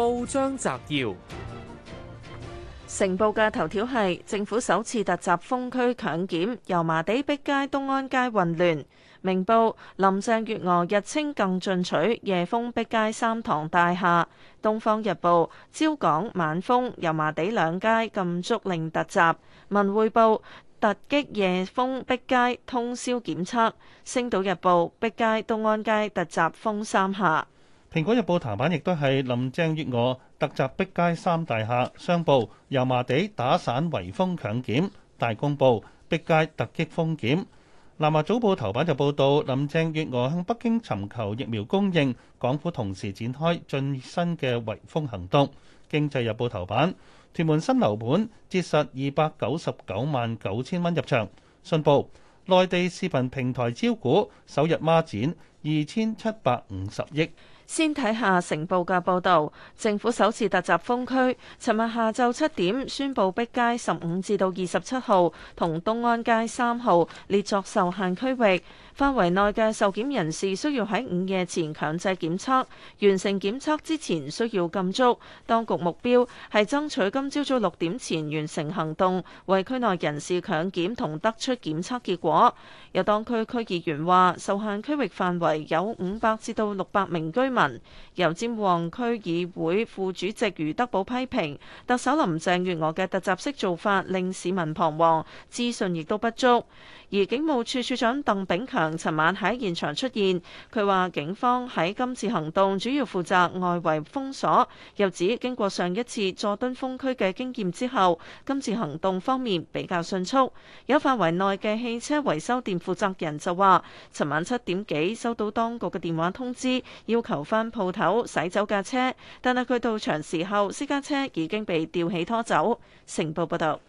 報章摘要：成報嘅頭條係政府首次突襲封區強檢，油麻地、碧街、東安街混亂。明報：林鄭月娥日清更進取，夜封碧街三堂大廈。東方日報：朝港晚封，油麻地兩街禁足令突襲。文匯報：突擊夜封碧街，通宵檢測。星島日報：碧街、東安街突襲封三下。《蘋果日報》頭版亦都係林鄭月娥突襲碧街三大廈，商報，油麻地打散圍封強檢，大公報，碧街突擊封檢，《南華早報》頭版就報道林鄭月娥向北京尋求疫苗供應，港府同時展開最新嘅圍封行動，《經濟日報》頭版屯門新樓盤截實二百九十九萬九千蚊入場，《信報》內地視頻平台招股首日孖展二千七百五十億。先睇下成報嘅報導，政府首次突襲封區。尋日下晝七點，宣布碧街十五至到二十七號同東安街三號列作受限區域。範圍內嘅受檢人士需要喺午夜前強制檢測，完成檢測之前需要禁足。當局目標係爭取今朝早六點前完成行動，為區內人士強檢同得出檢測結果。有當區區議員話受限區域範圍有五百至到六百名居民。油尖旺區議會副主席余德寶批評特首林鄭月娥嘅突襲式做法令市民彷徨，資訊亦都不足。而警務處處長鄧炳強。尋晚喺現場出現，佢話警方喺今次行動主要負責外圍封鎖。又指經過上一次佐敦封區嘅經驗之後，今次行動方面比較迅速。有範圍內嘅汽車維修店負責人就話，尋晚七點幾收到當局嘅電話通知，要求返鋪頭洗走架車，但係佢到場時候私家車已經被吊起拖走。成報報道。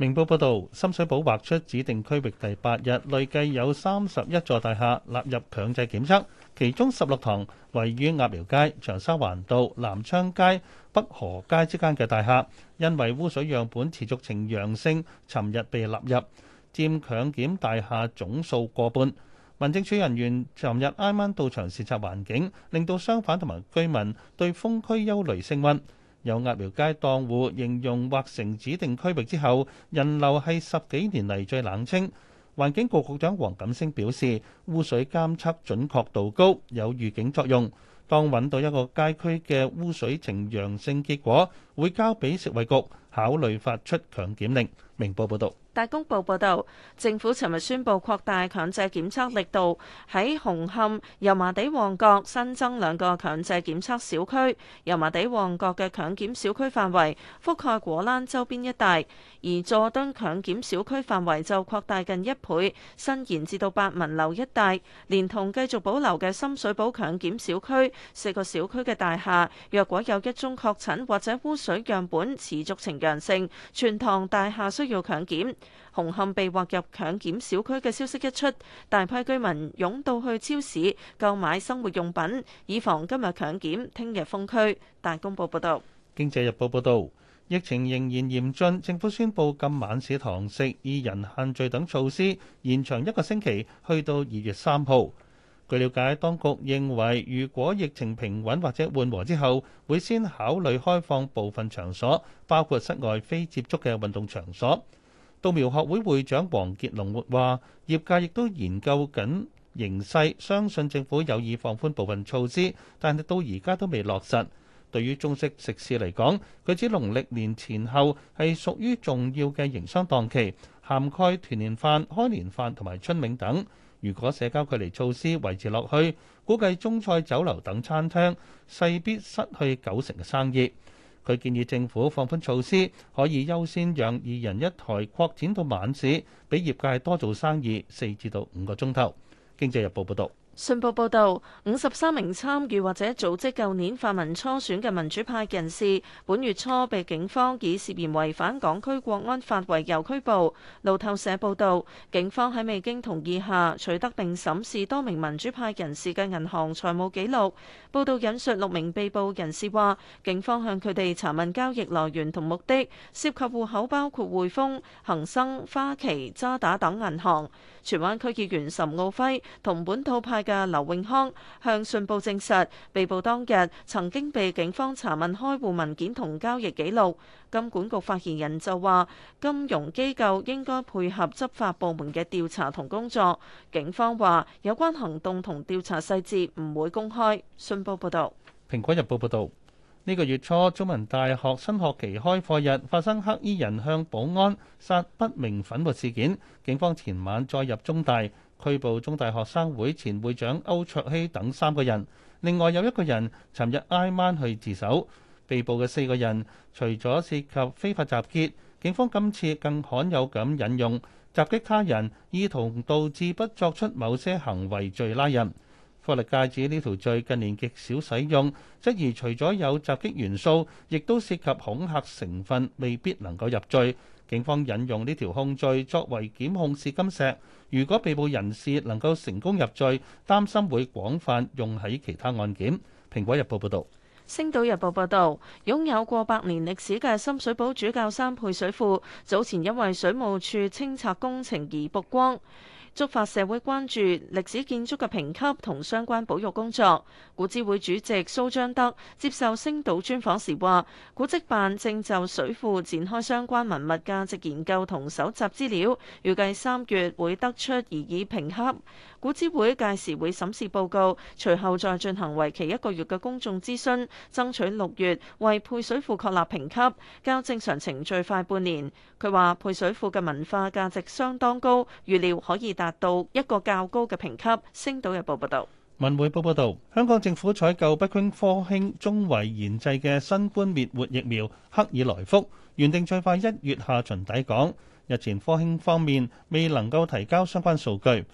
明報報導，深水埗劃出指定區域第八日，累計有三十一座大廈納入強制檢測，其中十六幢位於鴨寮街、長沙環道、南昌街、北河街之間嘅大廈，因為污水樣本持續呈陽性，尋日被納入，佔強檢大廈總數過半。民政處人員尋日挨晚到場視察環境，令到商販同埋居民對封區憂慮升溫。有鴨寮街檔戶形容劃成指定區域之後，人流係十幾年嚟最冷清。環境局局長黃錦星表示，污水監測準確度高，有預警作用。當揾到一個街區嘅污水呈陽性結果，會交俾食衞局考慮發出強檢令。明報報道。大公報報道，政府尋日宣布擴大強制檢測力度，喺紅磡、油麻地、旺角新增兩個強制檢測小區。油麻地、旺角嘅強檢小區範圍覆蓋果欄周邊一帶，而佐敦強檢小區範圍就擴大近一倍，伸延至到百文樓一帶，連同繼續保留嘅深水埗強檢小區，四個小區嘅大廈，若果有一宗確診或者污水樣本持續呈陽性，全堂大廈需要強檢。紅磡被劃入強檢小區嘅消息一出，大批居民湧到去超市購買生活用品，以防今日強檢，聽日封區。大公報報道，《經濟日報》報道，疫情仍然嚴峻，政府宣布禁晚市堂食，二人限聚等措施延長一個星期，去到二月三號。據了解，當局認為如果疫情平穩或者緩和之後，會先考慮開放部分場所，包括室外非接觸嘅運動場所。道苗學會會長黃傑龍活話，業界亦都研究緊形勢，相信政府有意放寬部分措施，但係到而家都未落實。對於中式食肆嚟講，佢指農曆年前後係屬於重要嘅營商檔期，涵蓋團年飯、開年飯同埋春茗等。如果社交距離措施維持落去，估計中菜酒樓等餐廳勢必失去九成嘅生意。佢建議政府放寬措施，可以優先讓二人一台擴展到晚市，畀業界多做生意四至到五個鐘頭。經濟日報報導。信報報導，五十三名參與或者組織舊年泛民初選嘅民主派人士，本月初被警方以涉嫌違反港區國安法為由拘捕。路透社報導，警方喺未經同意下取得並審視多名民主派人士嘅銀行財務記錄。報導引述六名被捕人士話，警方向佢哋查問交易來源同目的，涉及戶口包括匯豐、恒生、花旗、渣打等銀行。荃灣區議員岑敖輝同本土派嘅劉永康向信報證實，被捕當日曾經被警方查問開戶文件同交易記錄。金管局發言人就話，金融機構應該配合執法部門嘅調查同工作。警方話，有關行動同調查細節唔會公開。信報報道，蘋果日報報道，呢個月初，中文大學新學期開課日發生黑衣人向保安殺不明粉末事件，警方前晚再入中大。拘捕中大學生會前會長歐卓希等三個人，另外有一個人尋日挨晚去自首。被捕嘅四個人，除咗涉及非法集結，警方今次更罕有咁引用襲擊他人，意圖導致不作出某些行為罪拉人。法律界指呢條罪近年極少使用，質疑除咗有襲擊元素，亦都涉及恐嚇成分，未必能夠入罪。警方引用呢條控罪作為檢控試金石，如果被捕人士能夠成功入罪，擔心會廣泛用喺其他案件。《蘋果日報》報導，《星島日報》報導，擁有過百年歷史嘅深水埗主教山配水庫，早前因為水務處清拆工程而曝光。觸發社會關注歷史建築嘅評級同相關保育工作。古諮會主席蘇彰德接受星島專訪時話：古蹟辦正就水庫展開相關文物價值研究同搜集資料，預計三月會得出擬議評級。古諮會屆時會審視報告，隨後再進行為期一個月嘅公眾諮詢，爭取六月為配水庫確立評級，較正常程序快半年。佢話：配水庫嘅文化價值相當高，預料可以達到一個較高嘅評級。星島日報報導，文匯報報導，香港政府採購北京科興中維研製嘅新冠滅活疫苗克爾來福，原定最快一月下旬抵港。日前科興方面未能夠提交相關數據。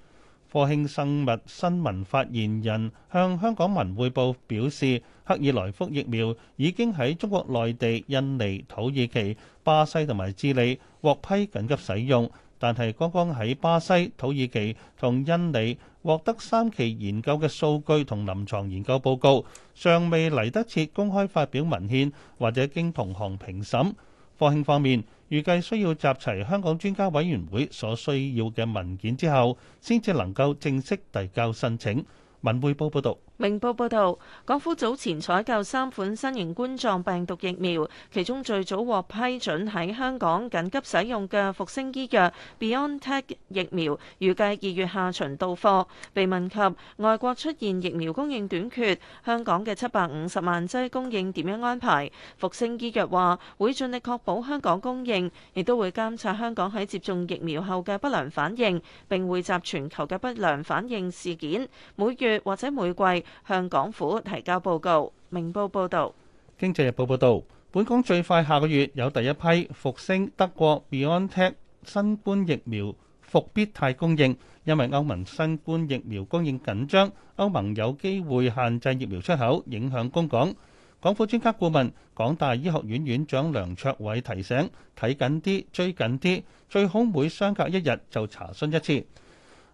科興生物新聞發言人向香港文匯報表示，克爾來福疫苗已經喺中國內地、印尼、土耳其、巴西同埋智利獲批緊急使用，但係剛剛喺巴西、土耳其同印尼獲得三期研究嘅數據同臨床研究報告，尚未嚟得切公開發表文獻或者經同行評審。科興方面。預計需要集齊香港專家委員會所需要嘅文件之後，先至能夠正式遞交申請。文匯報報道。明報報導，港府早前採購三款新型冠狀病毒疫苗，其中最早獲批准喺香港緊急使用嘅復星醫藥 BioNTech 疫苗，預計二月下旬到貨。被問及外國出現疫苗供應短缺，香港嘅七百五十萬劑供應點樣安排？復星醫藥話會盡力確保香港供應，亦都會監察香港喺接種疫苗後嘅不良反應，並匯集全球嘅不良反應事件，每月或者每季，向港府提交報告。明報報導。《經濟日報》報導，本港最快下個月有第一批復星德國 BioNTech 新冠疫苗復必泰供應，因為歐盟新冠疫苗供應緊張，歐盟有機會限制疫苗出口，影響供港。港府專家顧問、港大醫學院院長梁卓偉提醒：睇緊啲，追緊啲，最好每相隔一日就查詢一次。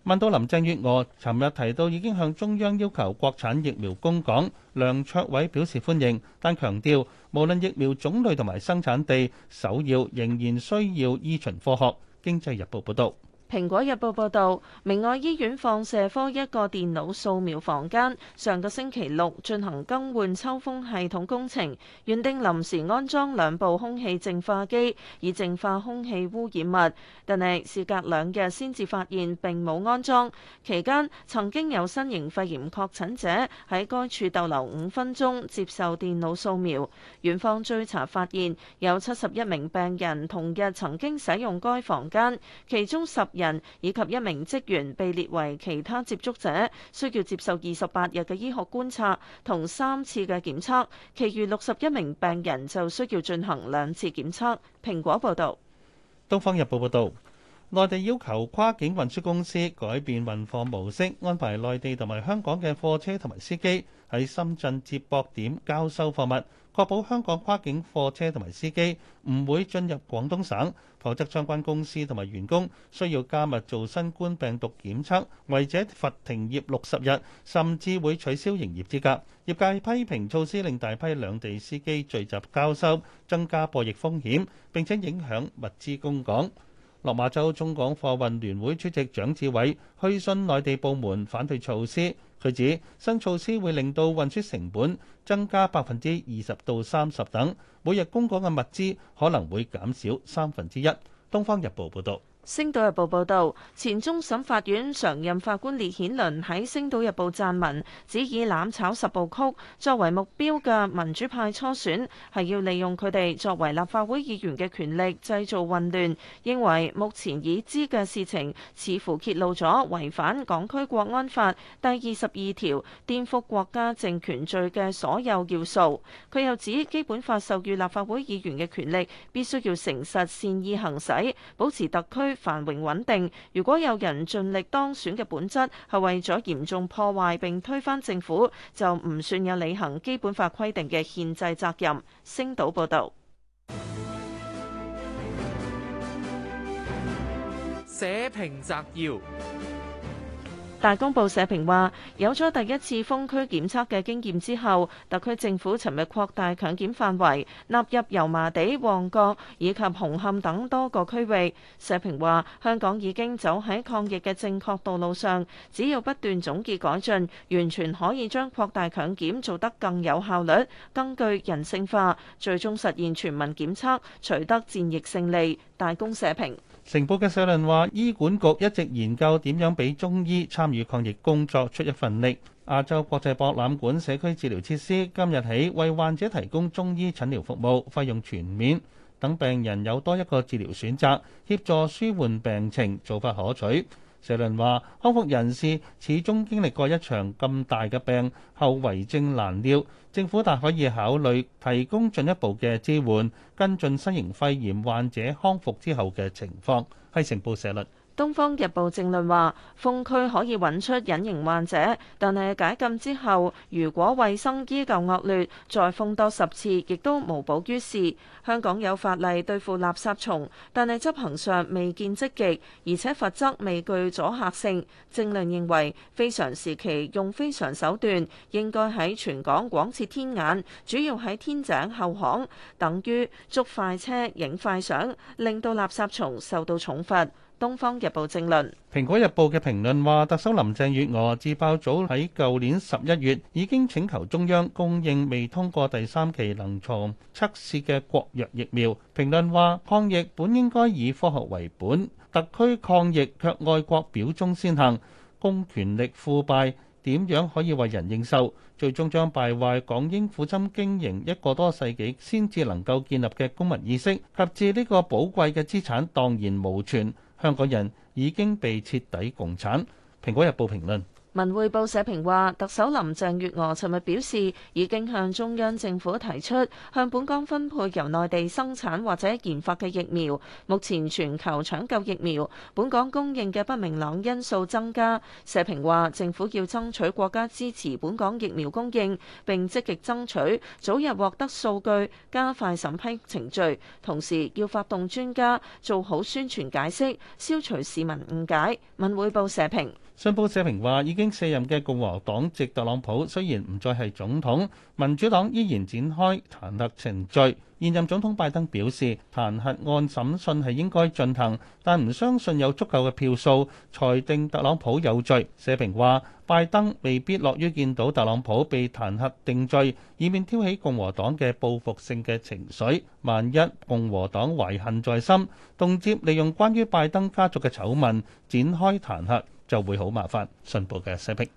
問到林鄭月娥尋日提到已經向中央要求國產疫苗供港，梁卓偉表示歡迎，但強調無論疫苗種類同埋生產地，首要仍然需要依循科學。經濟日報報導。《蘋果日報》報導，明愛醫院放射科一個電腦掃描房間，上個星期六進行更換抽風系統工程，原定臨時安裝兩部空氣淨化機以淨化空氣污染物，但係事隔兩日先至發現並冇安裝。期間曾經有新型肺炎確診者喺該處逗留五分鐘接受電腦掃描。院方追查發現，有七十一名病人同日曾經使用該房間，其中十人以及一名職員被列為其他接觸者，需要接受二十八日嘅醫學觀察同三次嘅檢測，其餘六十一名病人就需要進行兩次檢測。蘋果報道。東方日報報道，內地要求跨境運輸公司改變運貨模式，安排內地同埋香港嘅貨車同埋司機喺深圳接駁點交收貨物。確保香港跨境貨車同埋司機唔會進入廣東省，否則相關公司同埋員工需要加密做新冠病毒檢測，違者罰停業六十日，甚至會取消營業資格。業界批評措施令大批兩地司機聚集交收，增加播疫風險，並且影響物資供港。落馬洲中港貨運聯會主席蔣志偉去信內地部門反對措施，佢指新措施會令到運輸成本增加百分之二十到三十等，每日供港嘅物資可能會減少三分之一。《東方日報》報導。《星島日報》報導，前終審法院常任法官列顯倫喺《星島日報》撰文，指以攬炒十部曲作為目標嘅民主派初選，係要利用佢哋作為立法會議員嘅權力製造混亂。認為目前已知嘅事情似乎揭露咗違反《港區國安法》第二十二條、顛覆國家政權罪嘅所有要素。佢又指，基本法授予立法會議員嘅權力必須要誠實善意行使，保持特區繁榮穩定。如果有人盡力當選嘅本質係為咗嚴重破壞並推翻政府，就唔算有履行基本法規定嘅憲制責任。星島報道。社評摘要。大公報社評話：有咗第一次封區檢測嘅經驗之後，特區政府尋日擴大強檢範圍，納入油麻地、旺角以及紅磡等多個區域。社評話：香港已經走喺抗疫嘅正確道路上，只要不斷總結改進，完全可以將擴大強檢做得更有效率、更具人性化，最終實現全民檢測，取得戰疫勝利。大公社評。成報嘅社論話，醫管局一直研究點樣俾中醫參與抗疫工作出一份力。亞洲國際博覽館社區治療設施今日起為患者提供中醫診療服務，費用全免。等病人有多一個治療選擇，協助舒緩病情，做法可取。社論話：康復人士始終經歷過一場咁大嘅病，後遺症難料，政府大可以考慮提供進一步嘅支援，跟進新型肺炎患者康復之後嘅情況。係成報社論。《東方日報》政論話封區可以揾出隱形患者，但係解禁之後，如果衛生依舊惡劣，再封多十次亦都無補於事。香港有法例對付垃圾蟲，但係執行上未見積極，而且罰則未具阻嚇性。政論認為非常時期用非常手段，應該喺全港廣設天眼，主要喺天井後巷，等於捉快車、影快相，令到垃圾蟲受到重罰。《東方日報》政論，《蘋果日報》嘅評論話：特首林鄭月娥自爆早喺舊年十一月已經請求中央供應未通過第三期臨床測試嘅國藥疫苗。評論話：抗疫本應該以科學為本，特區抗疫卻愛國表忠先行，公權力腐敗點樣可以為人認受？最終將敗壞港英苦心經營一個多世紀先至能夠建立嘅公民意識，及至呢個寶貴嘅資產蕩然無存。香港人已經被徹底共產，蘋果日報評論。文匯報社評話，特首林鄭月娥尋日表示，已經向中央政府提出向本港分配由內地生產或者研發嘅疫苗。目前全球搶救疫苗，本港供應嘅不明朗因素增加。社評話，政府要爭取國家支持本港疫苗供應，並積極爭取早日獲得數據，加快審批程序。同時要發動專家做好宣傳解釋，消除市民誤解。文匯報社評。信報社評話，已經卸任嘅共和黨籍特朗普雖然唔再係總統，民主黨依然展開彈劾程序。現任總統拜登表示，彈劾案審訊係應該進行，但唔相信有足夠嘅票數裁定特朗普有罪。社評話，拜登未必樂於見到特朗普被彈劾定罪，以免挑起共和黨嘅報復性嘅情緒。萬一共和黨懷恨在心，動輒利用關於拜登家族嘅醜聞展開彈劾。就會好麻煩，信報嘅社評。